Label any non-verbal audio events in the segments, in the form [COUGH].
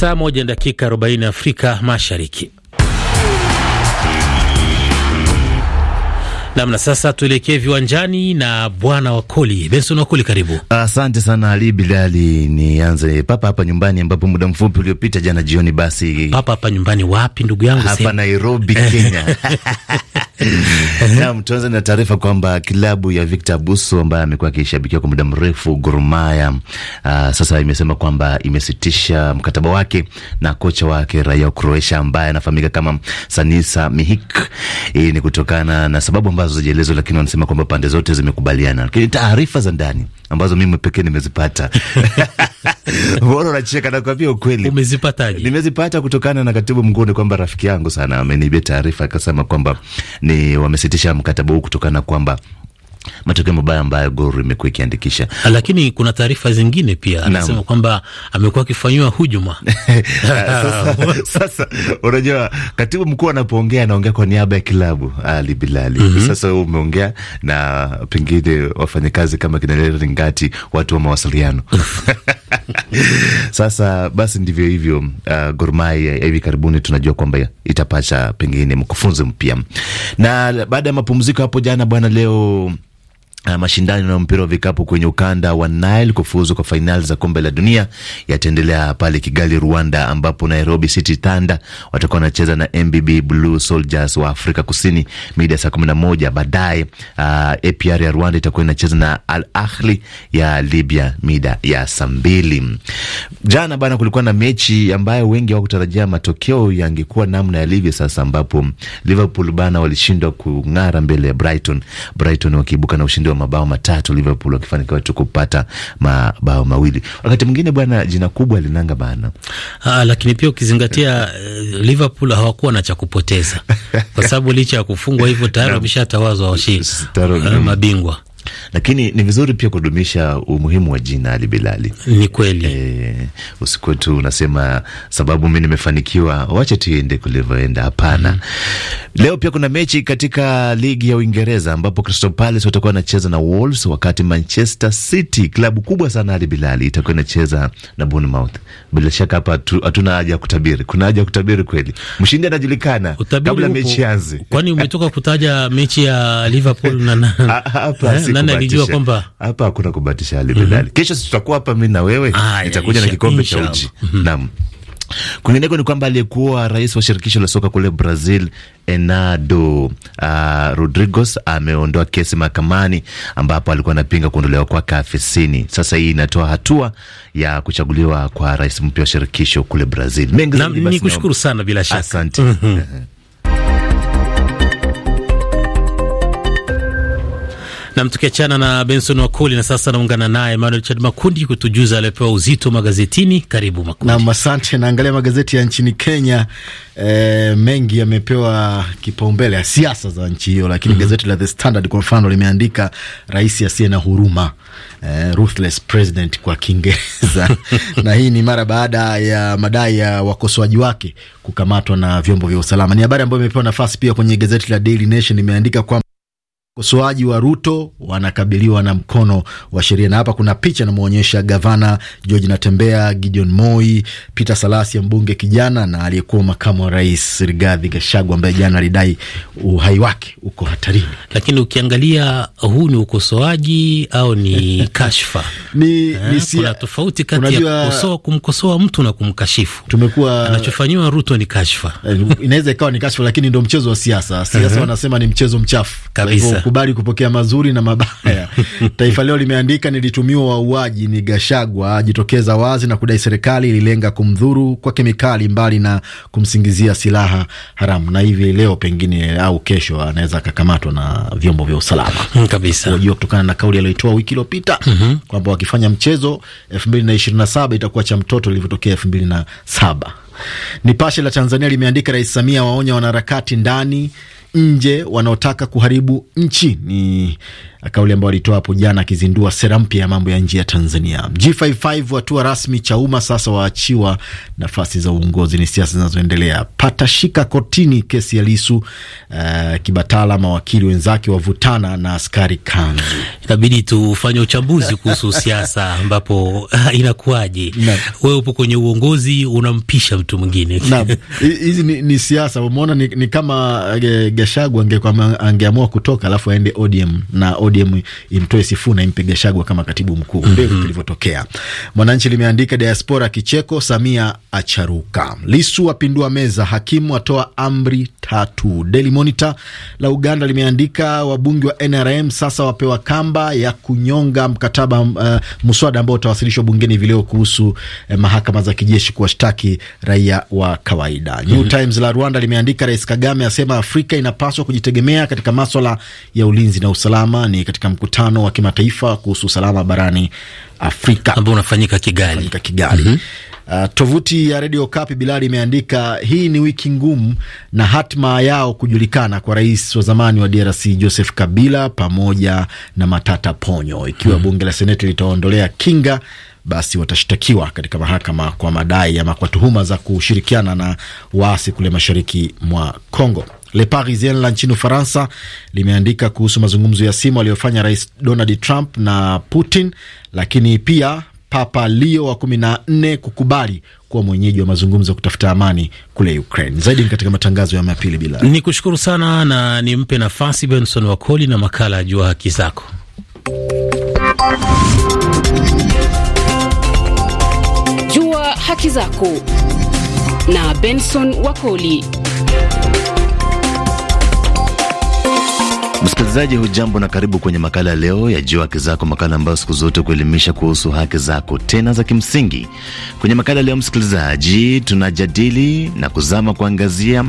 Saa moja dakika 40 Afrika Mashariki. Namna sasa, tuelekee viwanjani na bwana Wakoli, Benson Wakoli, karibu. Asante sana Ali Bilali. Nianze papa hapa nyumbani, ambapo muda mfupi uliopita jana jioni, basi papa hapa nyumbani. Wapi ndugu yangu? Hapa Nairobi, Kenya. [LAUGHS] [LAUGHS] Naam, tuanze na taarifa kwamba klabu ya Victor Buso ambaye amekuwa akishabikiwa kwa muda mrefu Gor Mahia, ah, sasa imesema kwamba imesitisha mkataba wake na kocha wake raia wa Croatia ambaye anafahamika kama Sanisa Mihik. Hii ni kutokana na sababu ambazo ambazo hazijaelezwa, lakini wanasema kwamba pande zote zimekubaliana, lakini taarifa za ndani ambazo mimi pekee nimezipata [LAUGHS] Mbona unacheka? Nakwambia ukweli. Umezipataje? Nimezipata kutokana na katibu mkuu, ni kwamba rafiki yangu sana amenibia taarifa akasema kwamba ni wamesitisha mkataba huu kutokana kwamba matokeo mabaya ambayo Gor imekuwa ikiandikisha. Ah, lakini kuna taarifa zingine pia anasema kwamba amekuwa akifanyiwa hujuma. [LAUGHS] Sasa, unajua katibu mkuu anapoongea anaongea kwa niaba ya kilabu Ali Bilali. mm -hmm. Sasa wewe umeongea na pengine wafanyakazi kama kinaleta watu wa mawasiliano [LAUGHS] Sasa basi ndivyo hivyo. Uh, Gor Mahia hivi karibuni tunajua kwamba itapata pengine mkufunzi mpya, na baada ya mapumziko hapo jana bwana, leo Uh, mashindano ya mpira wa vikapu kwenye ukanda wa Nile kufuzu kwa fainali za kombe la dunia yataendelea pale Kigali, Rwanda, ambapo Nairobi City Thunder watakuwa wanacheza na MBB Blue Soldiers wa Afrika Kusini mida saa kumi na moja. Baadaye uh, ah, APR ya Rwanda itakuwa inacheza na Al Ahli ya Libya mida ya saa mbili. Jana bana, kulikuwa na mechi ambayo wengi hawakutarajia matokeo yangekuwa namna yalivyo sasa, ambapo Liverpool bana walishindwa kung'ara mbele ya Brighton, Brighton wakiibuka na ushindi wa mabao matatu, Liverpool wakifanikiwa tu kupata mabao mawili. Wakati mwingine bwana, jina kubwa linanga bana, ah, lakini pia ukizingatia eh, Liverpool hawakuwa na cha kupoteza kwa sababu licha ya kufungwa hivyo tayari wameshatawazwa washindi eh, mabingwa lakini ni vizuri pia kudumisha umuhimu wa jina Ali Bilali. Ni kweli e, usikuwe tu unasema sababu mi nimefanikiwa, wache tuende kulivyoenda. Hapana. mm Leo pia kuna mechi katika ligi ya Uingereza ambapo Crystal Palace watakuwa wanacheza na Wolves, wakati Manchester City, klabu kubwa sana Ali Bilali, itakuwa inacheza na Bournemouth. Bila shaka hapa hatuna haja ya kutabiri, kuna haja ya kutabiri kweli, mshindi anajulikana kabla mechi anze. Kwani umetoka kutaja mechi ya Liverpool na [LAUGHS] hapa eh? nani alijua kwamba hapa hakuna kubatisha hali mm -hmm. Bilali, kesho tutakuwa hapa mimi na wewe, ah, nitakuja na kikombe cha uji mm -hmm. Naam. Kwingineko ni kwamba aliyekuwa rais wa shirikisho la soka kule Brazil Enado uh, ah, Rodrigos ameondoa kesi mahakamani ambapo alikuwa anapinga kuondolewa kwake afisini. Sasa hii inatoa hatua ya kuchaguliwa kwa rais mpya wa shirikisho kule Brazil. Mengi zaidi ni kushukuru sana bila shaka. Asante. Mhm. [LAUGHS] Nam, tukiachana na Benson Wakuli na sasa naungana naye Manuel Chad Makundi kutujuza aliopewa uzito magazetini. Karibu Makundi. Nam, asante. Naangalia magazeti ya nchini Kenya e, mengi yamepewa kipaumbele ya siasa za nchi hiyo, lakini mm -hmm. gazeti la The Standard kwa mfano limeandika rais asiye na huruma Uh, ruthless president kwa Kiingereza [LAUGHS] na hii ni mara baada ya madai ya wakosoaji wake kukamatwa na vyombo vya usalama. Ni habari ambayo imepewa nafasi pia kwenye gazeti la Daily Nation, imeandika kwamba Ukosoaji wa Ruto wanakabiliwa na mkono wa sheria, na hapa kuna picha inamwonyesha gavana George Natembea, Gideon Moi, Peter Salasia, mbunge kijana na aliyekuwa makamu wa rais Rigathi Gachagua, ambaye jana alidai uhai wake uko hatarini. Lakini ukiangalia huu ni ukosoaji au ni [LAUGHS] kashfa? ni, ni siya, eh, kuna tofauti kati unajua, ya kukosoa, kumkosoa mtu na kumkashifu. Tumekuwa anachofanyiwa Ruto ni kashfa, eh, inaweza ikawa ni kashfa, lakini ndo mchezo wa siasa. Siasa wanasema ni mchezo mchafu kabisa Tunakubali kupokea mazuri na mabaya. [LAUGHS] Taifa Leo limeandika nilitumiwa wauaji ni Gashagwa ajitokeza wazi na kudai serikali ililenga kumdhuru kwa kemikali mbali na kumsingizia silaha haramu. Na hivi leo pengine au kesho anaweza akakamatwa na vyombo vya usalama hmm, kabisa, unajua kutokana na kauli aliyoitoa wiki iliyopita mm -hmm. kwamba wakifanya mchezo elfu mbili na ishirini na saba itakuwa cha mtoto ilivyotokea elfu mbili na saba. Nipashe la Tanzania limeandika Rais Samia waonya wanaharakati ndani nje wanaotaka kuharibu nchi ni kauli ambayo alitoa hapo jana akizindua sera mpya ya mambo ya nje ya Tanzania. G55 watua rasmi cha umma sasa waachiwa nafasi za uongozi, ni siasa zinazoendelea. Patashika kotini kesi ya Lisu. Uh, eh, Kibatala mawakili wenzake wavutana na askari kanzu. Itabidi tufanye uchambuzi kuhusu [LAUGHS] siasa ambapo [LAUGHS] inakuwaje, wewe upo kwenye uongozi unampisha mtu mwingine. [LAUGHS] Hizi ni, ni siasa umeona, ni, ni kama uh, eh, Gashagwa angeamua kutoka alafu aende ODM na ODM ODM imtoe Sifuna impige Shagwa kama katibu mkuu. Ndio mm -hmm. Kilivyotokea. Mwananchi limeandika diaspora kicheko, Samia acharuka, Lisu apindua meza, hakimu atoa amri tatu. Daily Monitor la Uganda limeandika wabunge wa NRM sasa wapewa kamba ya kunyonga mkataba uh, mswada ambao utawasilishwa bungeni vileo kuhusu eh, mahakama za kijeshi kuwashtaki raia wa kawaida. Mhm. New mm -hmm. Times la Rwanda limeandika Rais Kagame asema Afrika inapaswa kujitegemea katika maswala ya ulinzi na usalama ni Marekani katika mkutano wa kimataifa kuhusu usalama barani Afrika ambao unafanyika Kigali, Kigali. Mm -hmm. Uh, tovuti ya Radio Kapi Bilali imeandika hii ni wiki ngumu na hatima yao kujulikana kwa rais wa zamani wa DRC Joseph Kabila pamoja na Matata Ponyo ikiwa mm -hmm. bunge la seneti litaondolea kinga basi watashtakiwa katika mahakama kwa madai ama kwa tuhuma za kushirikiana na waasi kule mashariki mwa Kongo. Le Parisien la nchini Ufaransa limeandika kuhusu mazungumzo ya simu aliyofanya Rais Donald Trump na Putin, lakini pia Papa Leo wa kumi na nne kukubali kuwa mwenyeji wa mazungumzo ya kutafuta amani kule Ukraine. Zaidi ni katika matangazo ya mapili bila. Ni kushukuru sana na nimpe nafasi Benson Wakoli na makala ya Jua Haki Zako. Jua Haki Zako na Benson Wakoli. Msikilizaji hujambo na karibu kwenye makala leo ya Jua Haki Zako, makala ambayo siku zote kuelimisha kuhusu haki zako tena za kimsingi. Kwenye makala leo, msikilizaji, tunajadili na kuzama kuangazia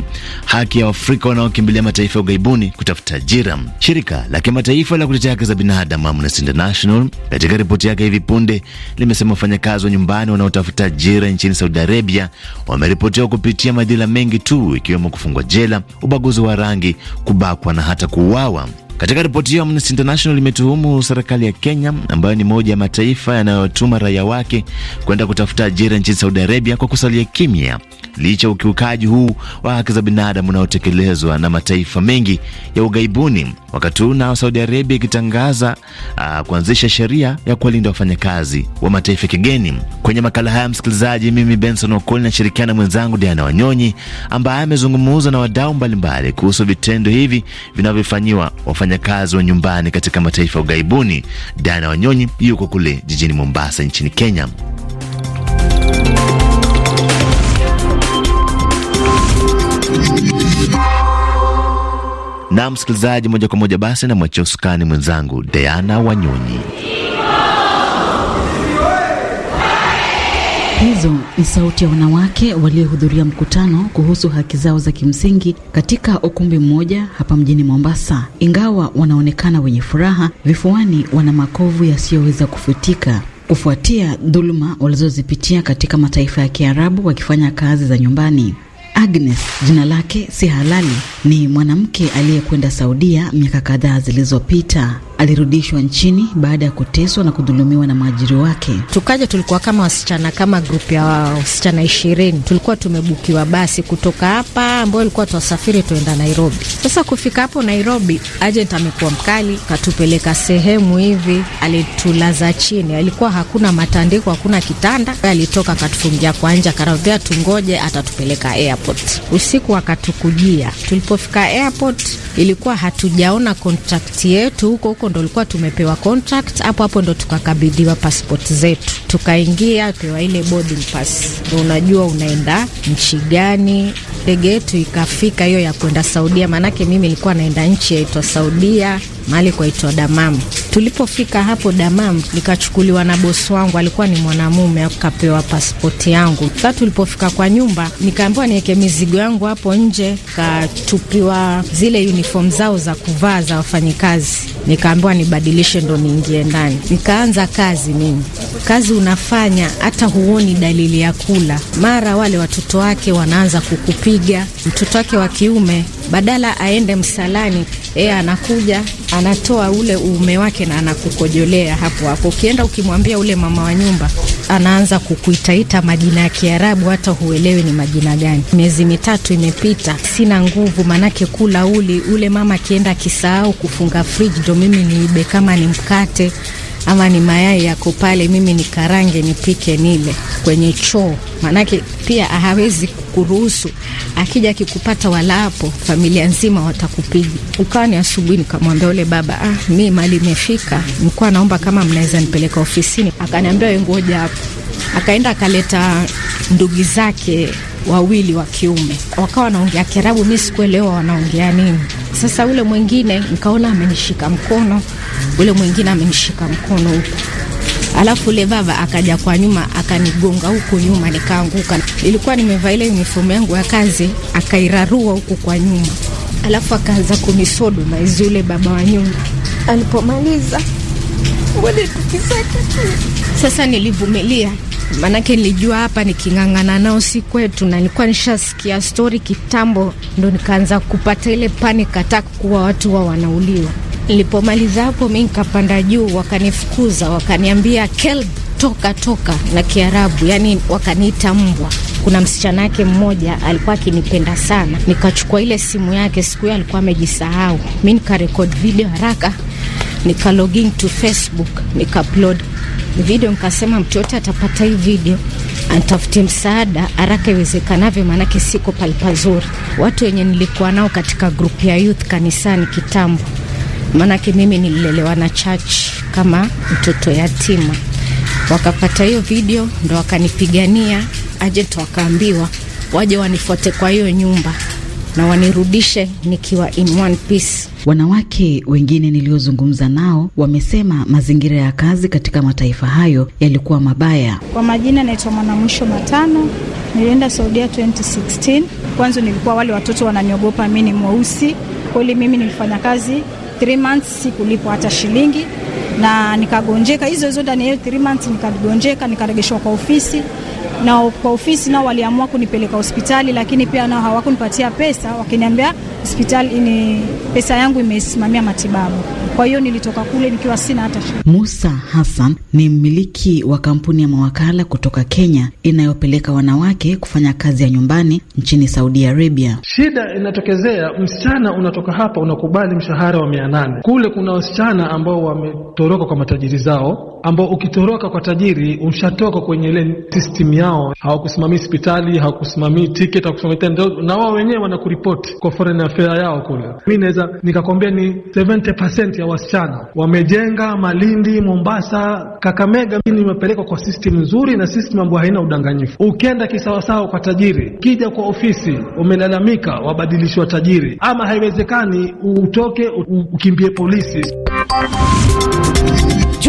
haki ya Waafrika wanaokimbilia mataifa ya ugaibuni kutafuta ajira. Shirika la kimataifa la kutetea haki za binadamu Amnesty International katika ripoti yake hivi punde limesema wafanyakazi wa nyumbani wanaotafuta ajira nchini Saudi Arabia wameripotiwa kupitia madhila mengi tu, ikiwemo kufungwa jela, ubaguzi wa rangi, kubakwa na hata kuuawa. Katika ripoti hiyo, Amnesty International imetuhumu serikali ya Kenya ambayo ni moja ya mataifa yanayotuma raia wake kwenda kutafuta ajira nchini Saudi Arabia kwa kusalia kimya licha ya ukiukaji huu wa haki za binadamu unaotekelezwa na mataifa mengi ya ughaibuni, wakati huu nao Saudi Arabia ikitangaza uh, kuanzisha sheria ya kuwalinda wafanyakazi wa mataifa kigeni. Kwenye makala haya msikilizaji, mimi Benson Wakoli nashirikiana mwenzangu Diana Wanyonyi ambaye amezungumuza na wadau mbalimbali kuhusu vitendo hivi vinavyofanyiwa wafanya wafanyakazi wa nyumbani katika mataifa ya ughaibuni. Dana Wanyonyi yuko kule jijini Mombasa nchini Kenya. Na msikilizaji, moja kwa moja basi namwachia usukani mwenzangu Diana Wanyonyi. Hizo ni sauti ya wanawake waliohudhuria mkutano kuhusu haki zao za kimsingi katika ukumbi mmoja hapa mjini Mombasa. Ingawa wanaonekana wenye furaha, vifuani wana makovu yasiyoweza kufutika kufuatia dhuluma walizozipitia katika mataifa ya Kiarabu wakifanya kazi za nyumbani. Agnes, jina lake si halali, ni mwanamke aliyekwenda Saudia miaka kadhaa zilizopita. Alirudishwa nchini baada ya kuteswa na kudhulumiwa na mwajiri wake. Tukaja, tulikuwa kama wasichana, kama grupu ya wasichana ishirini, tulikuwa tumebukiwa basi kutoka hapa, ambayo ilikuwa twasafiri tuenda Nairobi. Sasa kufika hapo Nairobi, ajenti amekuwa mkali, katupeleka sehemu hivi, alitulaza chini, alikuwa hakuna matandiko, hakuna kitanda, alitoka katufungia kwa nje, akaravia tungoje atatupeleka airport airport. Usiku wakatukujia, tulipofika airport ilikuwa hatujaona contract yetu, huko huko ndo likuwa tumepewa contract, hapo hapo ndo tukakabidhiwa passport zetu, tukaingia pewa ile boarding pass, ndo unajua unaenda nchi gani. Ndege yetu ikafika hiyo ya kwenda Saudia, maanake mimi nilikuwa naenda nchi yaitwa Saudia mahali kwaitwa Damam. Tulipofika hapo damam nikachukuliwa na bosi wangu, alikuwa ni mwanamume, akapewa pasipoti yangu. Sasa tulipofika kwa nyumba, nikaambiwa niweke mizigo yangu hapo nje, katupiwa zile uniform zao za kuvaa za wafanyikazi. Nikaambiwa nibadilishe ndo niingie ndani, nikaanza kazi mimi. Kazi unafanya hata huoni dalili ya kula, mara wale watoto wake wanaanza kukupiga. Mtoto wake wa kiume badala aende msalani yeye eh, anakuja anatoa ule uume wake na anakukojolea hapo hapo. Ukienda ukimwambia ule mama wa nyumba, anaanza kukuitaita majina ya Kiarabu, hata huelewi ni majina gani. Miezi mitatu imepita, sina nguvu, manake kula uli ule mama akienda akisahau kufunga friji ndo mimi niibe kama ni mkate ama ni mayai yako pale, mimi ni karange nipike nile kwenye choo, maanake pia hawezi kuruhusu. Akija akikupata walapo, familia nzima watakupiga. Ukawa ni asubuhi, nikamwambia ule baba, ah, mi mali imefika, mkuwa naomba kama mnaweza nipeleka ofisini. Akaniambia we ngoja hapo, akaenda akaleta ndugu zake wawili wa kiume, wakawa wanaongea Kiarabu, mi sikuelewa wanaongea nini sasa ule mwingine nikaona amenishika mkono, ule mwingine amenishika mkono huku, alafu ule baba akaja kwa nyuma akanigonga huku nyuma, nikaanguka. Ilikuwa nimevaa ile uniform yangu ya kazi, akairarua huku kwa nyuma, alafu akaanza kunisodumaizi ule baba wa nyuma. Alipomaliza tukisaka, sasa nilivumilia maanake nilijua hapa niking'ang'ana nao si kwetu, na nilikuwa nishasikia stori kitambo, ndo nikaanza kupata ile panic attack kuwa watu wa wanauliwa. Nilipomaliza hapo, mi nikapanda juu, wakanifukuza wakaniambia kelb, toka toka, na Kiarabu yani wakaniita mbwa. Kuna msichana yake mmoja alikuwa akinipenda sana, nikachukua ile simu yake, siku hiyo alikuwa amejisahau. Mi nikarekod video haraka, nikalogin to Facebook, nika video, nikasema mtu yote atapata hii video antafutie msaada haraka iwezekanavyo, maanake siko pale pazuri. Watu wenye nilikuwa nao katika grupu ya youth kanisani kitambo, maanake mimi nililelewa na church kama mtoto yatima, wakapata hiyo video ndo wakanipigania agent, wakaambiwa waje wanifuate kwa hiyo nyumba na wanirudishe nikiwa in one piece. Wanawake wengine niliozungumza nao wamesema mazingira ya kazi katika mataifa hayo yalikuwa mabaya. Kwa majina, naitwa Mwanamwisho Matano. Nilienda Saudia 2016. Kwanza nilikuwa wale watoto wananiogopa mi ni mweusi kweli. Mimi nilifanya kazi 3 months sikulipwa hata shilingi, na nikagonjeka hizo hizo ndani ya 3 months, nikagonjeka nikaregeshwa kwa ofisi na kwa ofisi nao waliamua kunipeleka hospitali, lakini pia nao hawakunipatia pesa, wakiniambia hospitali ni pesa yangu imesimamia matibabu. Kwa hiyo nilitoka kule nikiwa sina hata shida. Musa Hassan ni mmiliki wa kampuni ya mawakala kutoka Kenya inayopeleka wanawake kufanya kazi ya nyumbani nchini Saudi Arabia. Shida inatokezea, msichana unatoka hapa unakubali mshahara wa mia nane, kule kuna wasichana ambao wametoroka kwa matajiri zao ambao ukitoroka kwa tajiri ushatoka kwenye ile system yao. Hawakusimamii hospitali, hawakusimamii ticket, hawakusimamii na wao wenyewe wanakuripoti kwa foreign affairs yao kule. Mimi naweza nikakwambia ni 70% ya wasichana wamejenga Malindi, Mombasa, Kakamega, imepelekwa kwa system nzuri na system ambayo haina udanganyifu. Ukienda kisawasawa kwa tajiri, kija kwa ofisi umelalamika, wabadilishwa tajiri, ama haiwezekani utoke ukimbie polisi.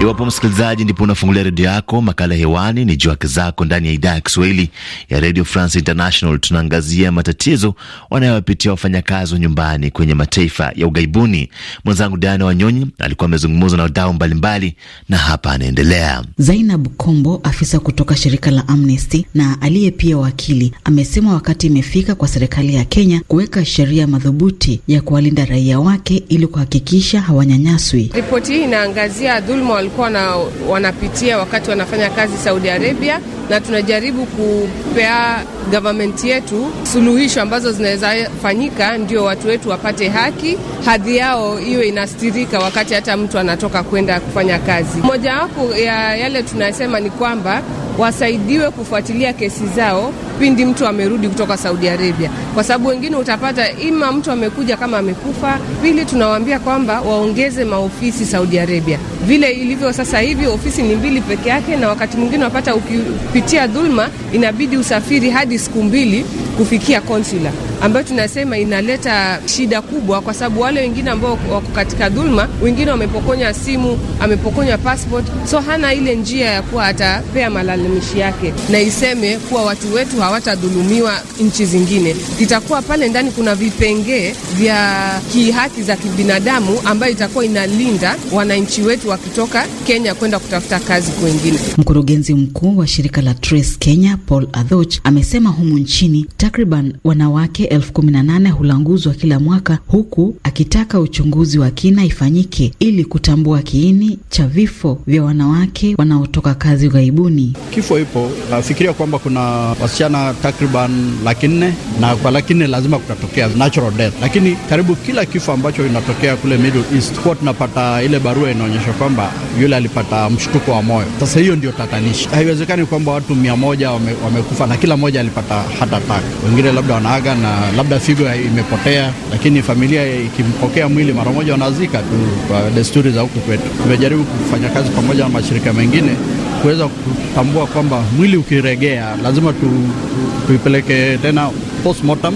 Iwapo msikilizaji, ndipo unafungulia redio yako, makala hewani ni juu haki zako, ndani ya idhaa ya Kiswahili ya Radio France International. Tunaangazia matatizo wanayowapitia wafanyakazi wa nyumbani kwenye mataifa ya ughaibuni. Mwenzangu Diana Wanyonyi alikuwa amezungumza na wadau mbalimbali, na hapa anaendelea. Zainab Kombo, afisa kutoka shirika la Amnesty na aliye pia wakili, amesema wakati imefika kwa serikali ya Kenya kuweka sheria madhubuti ya kuwalinda raia wake ili kuhakikisha hawanyanyaswi. Ripoti hii inaangazia dhuluma walikuwa na, wanapitia wakati wanafanya kazi Saudi Arabia, na tunajaribu kupea government yetu suluhisho ambazo zinaweza fanyika, ndio watu wetu wapate haki, hadhi yao iwe inastirika wakati hata mtu anatoka kwenda kufanya kazi. Mojawapo ya yale tunasema ni kwamba wasaidiwe kufuatilia kesi zao pindi mtu amerudi kutoka Saudi Arabia, kwa sababu wengine utapata ima mtu amekuja kama amekufa. Pili, tunawaambia kwamba waongeze maofisi Saudi Arabia vile ilivyo sasa hivi, ofisi ni mbili peke yake, na wakati mwingine unapata ukipitia dhulma, inabidi usafiri hadi siku mbili kufikia konsula, ambayo tunasema inaleta shida kubwa, kwa sababu wale wengine ambao wako katika dhulma, wengine wamepokonya simu, amepokonya passport, so hana ile njia ya kuwa atapea malalamishi yake, na iseme kuwa watu wetu hawatadhulumiwa nchi zingine. Itakuwa pale ndani kuna vipengee vya kihaki za kibinadamu ambayo itakuwa inalinda wananchi wetu wakitoka Kenya kwenda kutafuta kazi kwengine. Mkurugenzi mkuu wa shirika la Trace Kenya Paul Adhoch amesema humu nchini takriban wanawake elfu kumi na nane hulanguzwa kila mwaka, huku akitaka uchunguzi wa kina ifanyike ili kutambua kiini cha vifo vya wanawake wanaotoka kazi ughaibuni. Kifo ipo, nafikiria kwamba kuna wasichana kama takriban laki nne na kwa laki nne lazima kutatokea natural death, lakini karibu kila kifo ambacho inatokea kule Middle East huwa tunapata ile barua inaonyesha kwamba yule alipata mshtuko wa moyo. Sasa hiyo ndio tatanishi. Haiwezekani kwamba watu mia moja wame, wamekufa na kila mmoja alipata heart attack, wengine labda wanaaga na labda figo imepotea, lakini familia ikimpokea mwili mara moja wanazika tu kwa desturi za huku kwetu. Tumejaribu kufanya kazi pamoja na mashirika mengine kuweza kutambua kwamba mwili ukiregea lazima tu tuipeleke tena postmortem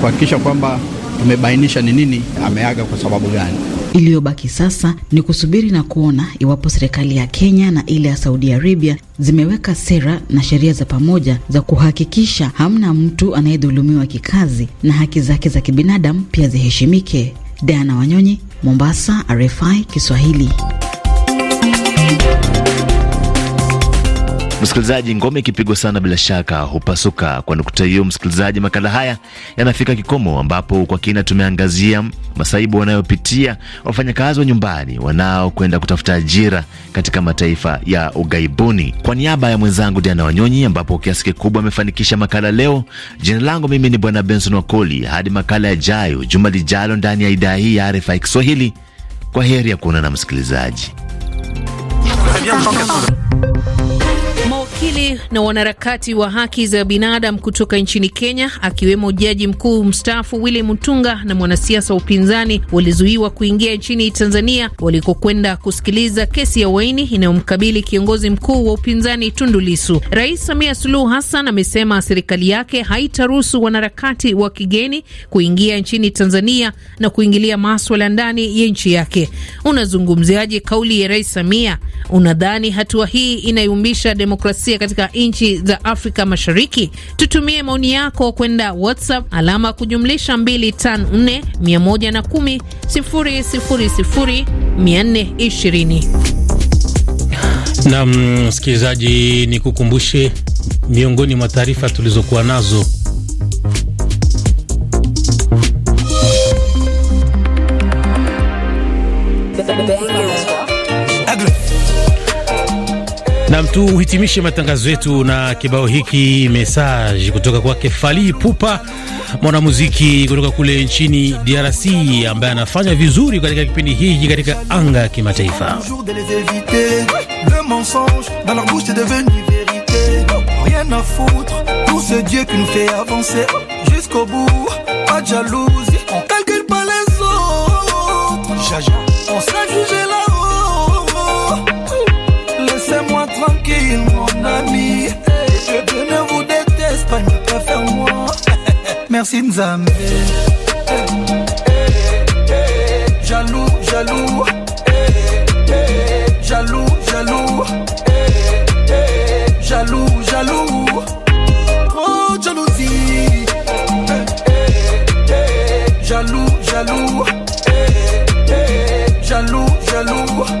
kuhakikisha kwamba tumebainisha ni nini ameaga kwa sababu gani. Iliyobaki sasa ni kusubiri na kuona iwapo serikali ya Kenya na ile ya Saudi Arabia zimeweka sera na sheria za pamoja za kuhakikisha hamna mtu anayedhulumiwa kikazi na haki zake za kibinadamu pia ziheshimike. Diana Wanyonyi, Mombasa, RFI Kiswahili. Msikilizaji, ngome ikipigwa sana bila shaka hupasuka. Kwa nukta hiyo, msikilizaji, makala haya yanafika kikomo, ambapo kwa kina tumeangazia masaibu wanayopitia wafanyakazi wa nyumbani wanaokwenda kutafuta ajira katika mataifa ya ugaibuni. Kwa niaba ya mwenzangu Diana Wanyonyi, ambapo kiasi kikubwa amefanikisha makala leo, jina langu mimi ni Bwana Benson Wakoli. Hadi makala yajayo juma lijalo ndani ya idhaa hii ya RFI Kiswahili, kwa heri ya kuonana msikilizaji. Mawakili na wanaharakati wa haki za binadamu kutoka nchini Kenya, akiwemo jaji mkuu mstaafu Willy Mutunga na mwanasiasa wa upinzani walizuiwa kuingia nchini Tanzania walikokwenda kusikiliza kesi ya uhaini inayomkabili kiongozi mkuu wa upinzani Tundu Lissu. Rais Samia Suluhu Hassan amesema serikali yake haitaruhusu wanaharakati wa kigeni kuingia nchini Tanzania na kuingilia maswala ndani ya nchi yake. Unazungumziaje kauli ya Rais Samia? Unadhani hatua hii inayumbisha demokrasia demokrasia katika nchi za Afrika Mashariki? Tutumie maoni yako kwenda WhatsApp alama kujumlisha 254 110 000 420. msikilizaji, ni kukumbushe miongoni mwa taarifa tulizokuwa nazo Nam, tuhitimishe matangazo yetu na kibao hiki message kutoka kwake fali pupa mwanamuziki kutoka kule nchini DRC ambaye anafanya vizuri katika kipindi hiki katika anga ya kimataifa. merci Jaloux, jaloux, jaloux, jaloux, jaloux, jaloux. Oh jalousie, jaloux, jaloux, jaloux, jaloux.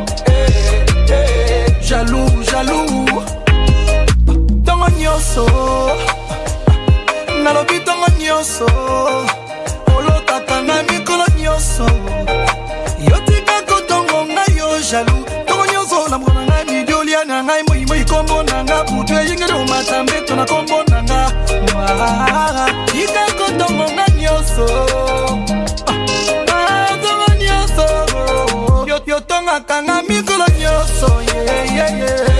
nanga mutu eyingeli omatambe tonakombo nanga ikako ntongonga nyonso azomo ah, nyonso yotongakanga mikolo nyonso yeyeye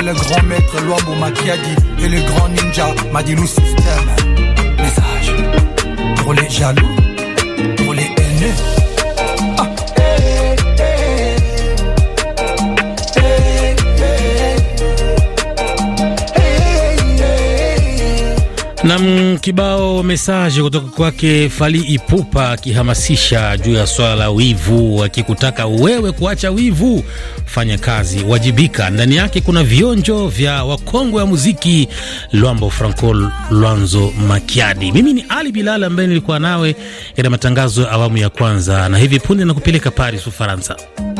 le grand maître Luambo Makiadi et le grand ninja Madilou système Message pour les jaloux. Nam kibao mesaji kutoka kwake Fali Ipupa akihamasisha juu ya swala la wivu, akikutaka wewe kuacha wivu, fanya kazi, wajibika. Ndani yake kuna vionjo vya wakongwe wa muziki Lwambo Franco Lwanzo Makiadi. Mimi ni Ali Bilal ambaye nilikuwa nawe katika matangazo ya awamu ya kwanza, na hivi punde nakupeleka Paris, Ufaransa.